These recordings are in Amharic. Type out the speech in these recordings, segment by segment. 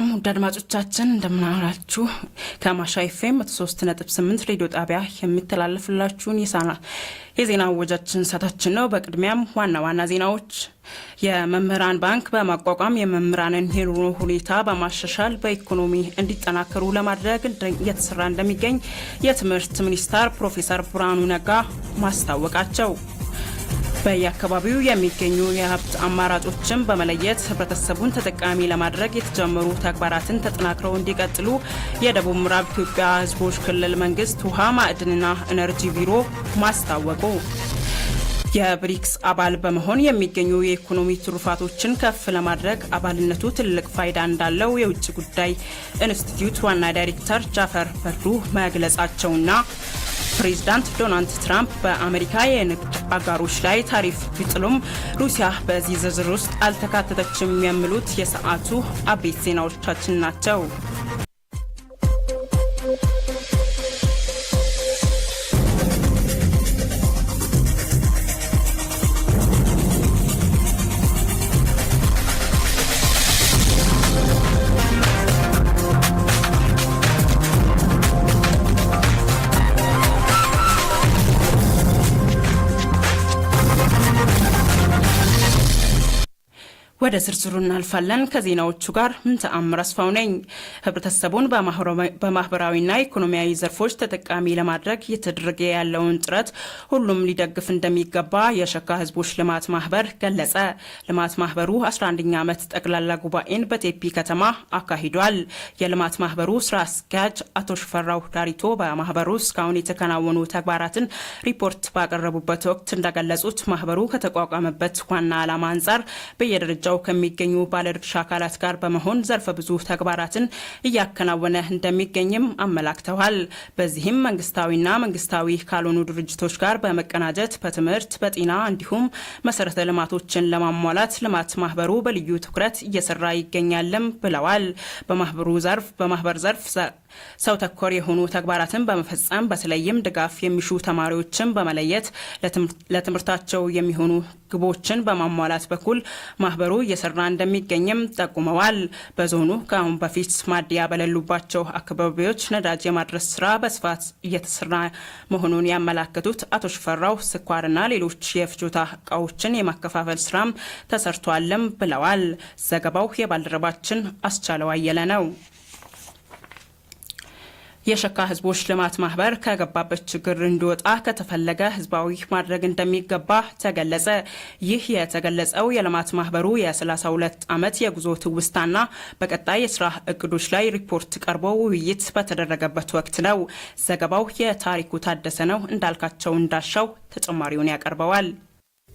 ሰላም ውድ አድማጮቻችን እንደምናላችሁ። ከማሻ ኤፍኤም ስምንት ሬዲዮ ጣቢያ የሚተላለፍላችሁን የዜና አወጃችን ሰታችን ነው። በቅድሚያም ዋና ዋና ዜናዎች የመምህራን ባንክ በማቋቋም የመምህራንን የኑሮ ሁኔታ በማሻሻል በኢኮኖሚ እንዲጠናከሩ ለማድረግ እየተሰራ እንደሚገኝ የትምህርት ሚኒስትር ፕሮፌሰር ብርሃኑ ነጋ ማስታወቃቸው በየአካባቢው የሚገኙ የሀብት አማራጮችን በመለየት ህብረተሰቡን ተጠቃሚ ለማድረግ የተጀመሩ ተግባራትን ተጠናክረው እንዲቀጥሉ የደቡብ ምዕራብ ኢትዮጵያ ህዝቦች ክልል መንግስት ውሃ ማዕድንና ኢነርጂ ቢሮ ማስታወቁ የብሪክስ አባል በመሆን የሚገኙ የኢኮኖሚ ትሩፋቶችን ከፍ ለማድረግ አባልነቱ ትልቅ ፋይዳ እንዳለው የውጭ ጉዳይ ኢንስቲትዩት ዋና ዳይሬክተር ጃፈር በሩ መግለጻቸውና ፕሬዚዳንት ዶናልድ ትራምፕ በአሜሪካ የንግድ አጋሮች ላይ ታሪፍ ቢጥሉም ሩሲያ በዚህ ዝርዝር ውስጥ አልተካተተችም የሚሉት የሰዓቱ አበይት ዜናዎቻችን ናቸው። ወደ ዝርዝሩ እናልፋለን። ከዜናዎቹ ጋር ምንተአምር አስፋው ነኝ። ህብረተሰቡን በማህበራዊና ኢኮኖሚያዊ ዘርፎች ተጠቃሚ ለማድረግ እየተደረገ ያለውን ጥረት ሁሉም ሊደግፍ እንደሚገባ የሸካ ህዝቦች ልማት ማህበር ገለጸ። ልማት ማህበሩ 11ኛ ዓመት ጠቅላላ ጉባኤን በቴፒ ከተማ አካሂዷል። የልማት ማህበሩ ስራ አስኪያጅ አቶ ሽፈራው ዳሪቶ በማህበሩ እስካሁን የተከናወኑ ተግባራትን ሪፖርት ባቀረቡበት ወቅት እንደገለጹት ማህበሩ ከተቋቋመበት ዋና ዓላማ አንጻር በየደረጃ በየደረጃው ከሚገኙ ባለድርሻ አካላት ጋር በመሆን ዘርፈ ብዙ ተግባራትን እያከናወነ እንደሚገኝም አመላክተዋል። በዚህም መንግስታዊና መንግስታዊ ካልሆኑ ድርጅቶች ጋር በመቀናጀት በትምህርት በጤና እንዲሁም መሰረተ ልማቶችን ለማሟላት ልማት ማህበሩ በልዩ ትኩረት እየሰራ ይገኛልም ብለዋል። በማህበሩ ዘርፍ በማህበር ዘርፍ ሰው ተኮር የሆኑ ተግባራትን በመፈጸም በተለይም ድጋፍ የሚሹ ተማሪዎችን በመለየት ለትምህርታቸው የሚሆኑ ግቦችን በማሟላት በኩል ማህበሩ እየሰራ እንደሚገኝም ጠቁመዋል። በዞኑ ከአሁን በፊት ማደያ በሌሉባቸው አካባቢዎች ነዳጅ የማድረስ ስራ በስፋት እየተሰራ መሆኑን ያመላከቱት አቶ ሽፈራው ስኳርና ሌሎች የፍጆታ እቃዎችን የማከፋፈል ስራም ተሰርቷልም ብለዋል። ዘገባው የባልደረባችን አስቻለው አየለ ነው። የሸካ ህዝቦች ልማት ማህበር ከገባበት ችግር እንዲወጣ ከተፈለገ ህዝባዊ ማድረግ እንደሚገባ ተገለጸ። ይህ የተገለጸው የልማት ማህበሩ የ32 ዓመት የጉዞ ትውስታና በቀጣይ የስራ እቅዶች ላይ ሪፖርት ቀርቦ ውይይት በተደረገበት ወቅት ነው። ዘገባው የታሪኩ ታደሰ ነው። እንዳልካቸው እንዳሻው ተጨማሪውን ያቀርበዋል።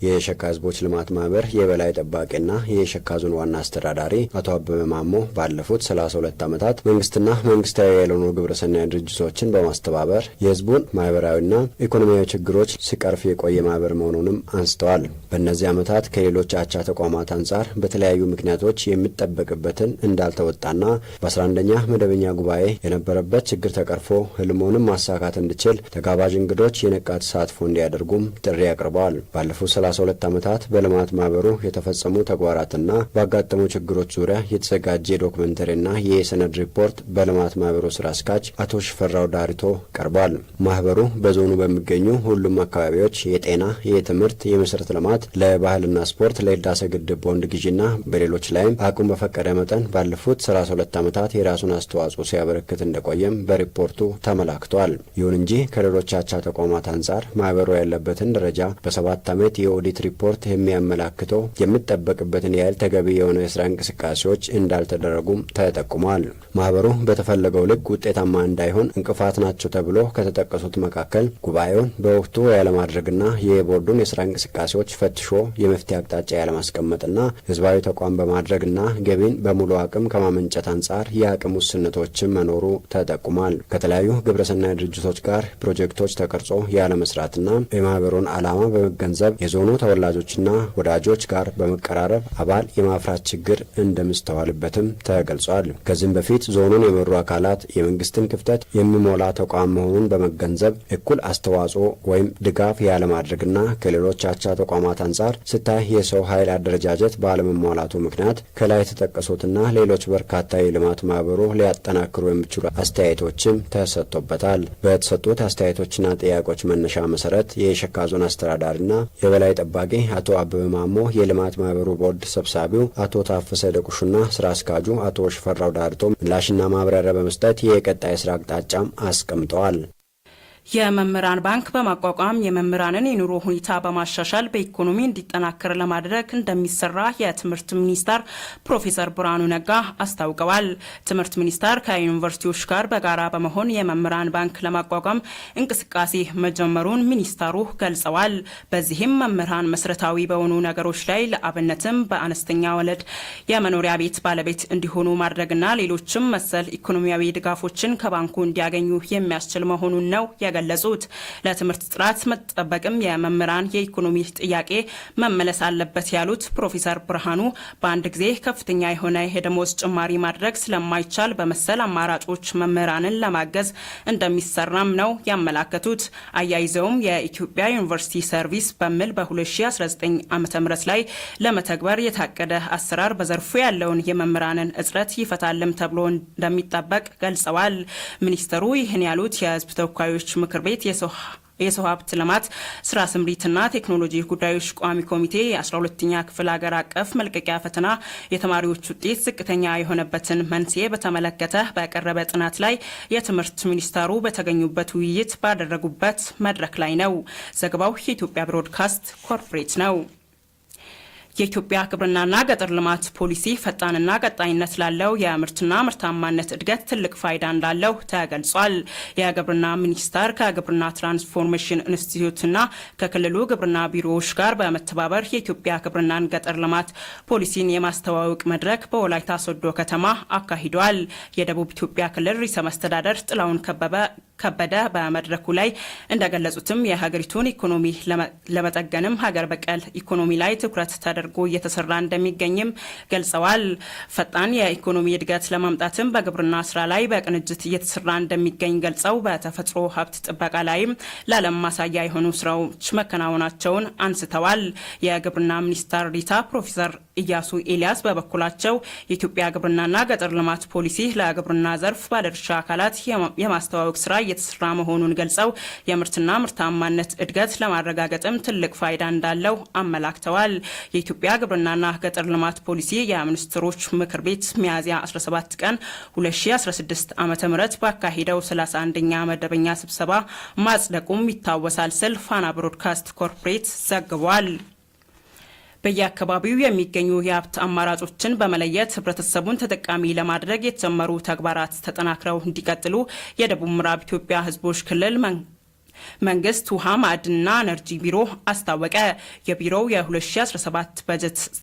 የሸካ ህዝቦች ልማት ማህበር የበላይ ጠባቂና የሸካ ዞን ዋና አስተዳዳሪ አቶ አበበ ማሞ ባለፉት 32 ዓመታት መንግስትና መንግስታዊ ያልሆኑ ግብረሰናይ ድርጅቶችን በማስተባበር የህዝቡን ማህበራዊና ኢኮኖሚያዊ ችግሮች ሲቀርፍ የቆየ ማህበር መሆኑንም አንስተዋል። በእነዚህ ዓመታት ከሌሎች አቻ ተቋማት አንጻር በተለያዩ ምክንያቶች የሚጠበቅበትን እንዳልተወጣና በ11ኛ መደበኛ ጉባኤ የነበረበት ችግር ተቀርፎ ህልሞንም ማሳካት እንዲችል ተጋባዥ እንግዶች የነቃ ተሳትፎ እንዲያደርጉም ጥሪ አቅርበዋል። ባለፉት 32 ዓመታት በልማት ማህበሩ የተፈጸሙ ተግባራትና ባጋጠሙ ችግሮች ዙሪያ የተዘጋጀ ዶክመንተሪና የሰነድ ሪፖርት በልማት ማህበሩ ስራ አስኪያጅ አቶ ሽፈራው ዳሪቶ ቀርቧል። ማህበሩ በዞኑ በሚገኙ ሁሉም አካባቢዎች የጤና፣ የትምህርት፣ የመሰረተ ልማት፣ ለባህልና ስፖርት፣ ለህዳሴ ግድብ ቦንድ ግዢና በሌሎች ላይም አቅሙ በፈቀደ መጠን ባለፉት 32 ዓመታት የራሱን አስተዋጽኦ ሲያበረክት እንደቆየም በሪፖርቱ ተመላክቷል። ይሁን እንጂ ከሌሎች አቻ ተቋማት አንጻር ማህበሩ ያለበትን ደረጃ በሰባት ዓመት የኦዲት ሪፖርት የሚያመላክተው የሚጠበቅበትን ያህል ተገቢ የሆነ የስራ እንቅስቃሴዎች እንዳልተደረጉም ተጠቁሟል። ማህበሩ በተፈለገው ልክ ውጤታማ እንዳይሆን እንቅፋት ናቸው ተብሎ ከተጠቀሱት መካከል ጉባኤውን በወቅቱ ያለማድረግና የቦርዱን የስራ እንቅስቃሴዎች ፈትሾ የመፍትሄ አቅጣጫ ያለማስቀመጥና ህዝባዊ ተቋም በማድረግና ገቢን በሙሉ አቅም ከማመንጨት አንጻር የአቅም ውስንቶችን መኖሩ ተጠቁሟል። ከተለያዩ ግብረሰናይ ድርጅቶች ጋር ፕሮጀክቶች ተቀርጾ ያለመስራትና የማህበሩን ዓላማ በመገንዘብ የዞ ከሆኑ ተወላጆችና ወዳጆች ጋር በመቀራረብ አባል የማፍራት ችግር እንደሚስተዋልበትም ተገልጿል። ከዚህም በፊት ዞኑን የመሩ አካላት የመንግስትን ክፍተት የሚሞላ ተቋም መሆኑን በመገንዘብ እኩል አስተዋጽኦ ወይም ድጋፍ ያለማድረግና ከሌሎች አቻ ተቋማት አንጻር ስታይ የሰው ኃይል አደረጃጀት ባለመሟላቱ ምክንያት ከላይ የተጠቀሱትና ሌሎች በርካታ የልማት ማህበሩ ሊያጠናክሩ የሚችሉ አስተያየቶችም ተሰጥቶበታል። በተሰጡት አስተያየቶችና ጥያቄዎች መነሻ መሰረት የሸካ ዞን አስተዳዳሪና የበላይ ጠባቂ አቶ አበበ ማሞ፣ የልማት ማህበሩ ቦርድ ሰብሳቢው አቶ ታፈሰ ደቁሹና ስራ አስኪያጁ አቶ ሽፈራው ዳርቶ ምላሽና ማብራሪያ በመስጠት የቀጣይ ስራ አቅጣጫም አስቀምጠዋል። የመምህራን ባንክ በማቋቋም የመምህራንን የኑሮ ሁኔታ በማሻሻል በኢኮኖሚ እንዲጠናከር ለማድረግ እንደሚሰራ የትምህርት ሚኒስቴር ፕሮፌሰር ብርሃኑ ነጋ አስታውቀዋል። ትምህርት ሚኒስቴር ከዩኒቨርሲቲዎች ጋር በጋራ በመሆን የመምህራን ባንክ ለማቋቋም እንቅስቃሴ መጀመሩን ሚኒስቴሩ ገልጸዋል። በዚህም መምህራን መሰረታዊ በሆኑ ነገሮች ላይ ለአብነትም በአነስተኛ ወለድ የመኖሪያ ቤት ባለቤት እንዲሆኑ ማድረግና ሌሎችም መሰል ኢኮኖሚያዊ ድጋፎችን ከባንኩ እንዲያገኙ የሚያስችል መሆኑን ነው የገለጹት። ለትምህርት ጥራት መጠበቅም የመምህራን የኢኮኖሚ ጥያቄ መመለስ አለበት ያሉት ፕሮፌሰር ብርሃኑ በአንድ ጊዜ ከፍተኛ የሆነ የደሞዝ ጭማሪ ማድረግ ስለማይቻል በመሰል አማራጮች መምህራንን ለማገዝ እንደሚሰራም ነው ያመላከቱት። አያይዘውም የኢትዮጵያ ዩኒቨርሲቲ ሰርቪስ በሚል በ2019 ዓ ም ላይ ለመተግበር የታቀደ አሰራር በዘርፉ ያለውን የመምህራንን እጥረት ይፈታልም ተብሎ እንደሚጠበቅ ገልጸዋል። ሚኒስተሩ ይህን ያሉት የህዝብ ተወካዮች ምክር ቤት የሰው ሀብት ልማት ስራ ስምሪትና ቴክኖሎጂ ጉዳዮች ቋሚ ኮሚቴ የ12ኛ ክፍል ሀገር አቀፍ መልቀቂያ ፈተና የተማሪዎች ውጤት ዝቅተኛ የሆነበትን መንስኤ በተመለከተ በቀረበ ጥናት ላይ የትምህርት ሚኒስተሩ በተገኙበት ውይይት ባደረጉበት መድረክ ላይ ነው። ዘገባው የኢትዮጵያ ብሮድካስት ኮርፖሬት ነው። የኢትዮጵያ ግብርናና ገጠር ልማት ፖሊሲ ፈጣንና ቀጣይነት ላለው የምርትና ምርታማነት እድገት ትልቅ ፋይዳ እንዳለው ተገልጿል። የግብርና ሚኒስቴር ከግብርና ትራንስፎርሜሽን ኢንስቲትዩትና ከክልሉ ግብርና ቢሮዎች ጋር በመተባበር የኢትዮጵያ ግብርናን ገጠር ልማት ፖሊሲን የማስተዋወቅ መድረክ በወላይታ ሶዶ ከተማ አካሂዷል። የደቡብ ኢትዮጵያ ክልል ርዕሰ መስተዳደር ጥላሁን ከበበ ከበደ በመድረኩ ላይ እንደገለጹትም የሀገሪቱን ኢኮኖሚ ለመጠገንም ሀገር በቀል ኢኮኖሚ ላይ ትኩረት ተደርጎ እየተሰራ እንደሚገኝም ገልጸዋል። ፈጣን የኢኮኖሚ እድገት ለማምጣትም በግብርና ስራ ላይ በቅንጅት እየተሰራ እንደሚገኝ ገልጸው በተፈጥሮ ሀብት ጥበቃ ላይም ለዓለም ማሳያ የሆኑ ስራዎች መከናወናቸውን አንስተዋል። የግብርና ሚኒስትር ዴኤታ ፕሮፌሰር ኢያሱ ኤልያስ በበኩላቸው የኢትዮጵያ ግብርናና ገጠር ልማት ፖሊሲ ለግብርና ዘርፍ ባለድርሻ አካላት የማስተዋወቅ ስራ እየተሰራ መሆኑን ገልጸው የምርትና ምርታማነት እድገት ለማረጋገጥም ትልቅ ፋይዳ እንዳለው አመላክተዋል። የኢትዮጵያ ግብርናና ገጠር ልማት ፖሊሲ የሚኒስትሮች ምክር ቤት ሚያዝያ 17 ቀን 2016 ዓ ም ባካሄደው 31ኛ መደበኛ ስብሰባ ማጽደቁም ይታወሳል ስል ፋና ብሮድካስት ኮርፖሬት ዘግቧል። በየአካባቢው የሚገኙ የሀብት አማራጮችን በመለየት ህብረተሰቡን ተጠቃሚ ለማድረግ የተጀመሩ ተግባራት ተጠናክረው እንዲቀጥሉ የደቡብ ምዕራብ ኢትዮጵያ ህዝቦች ክልል መንግስት ውሃ ማዕድንና ኢነርጂ ቢሮ አስታወቀ። የቢሮው የ2017 በጀት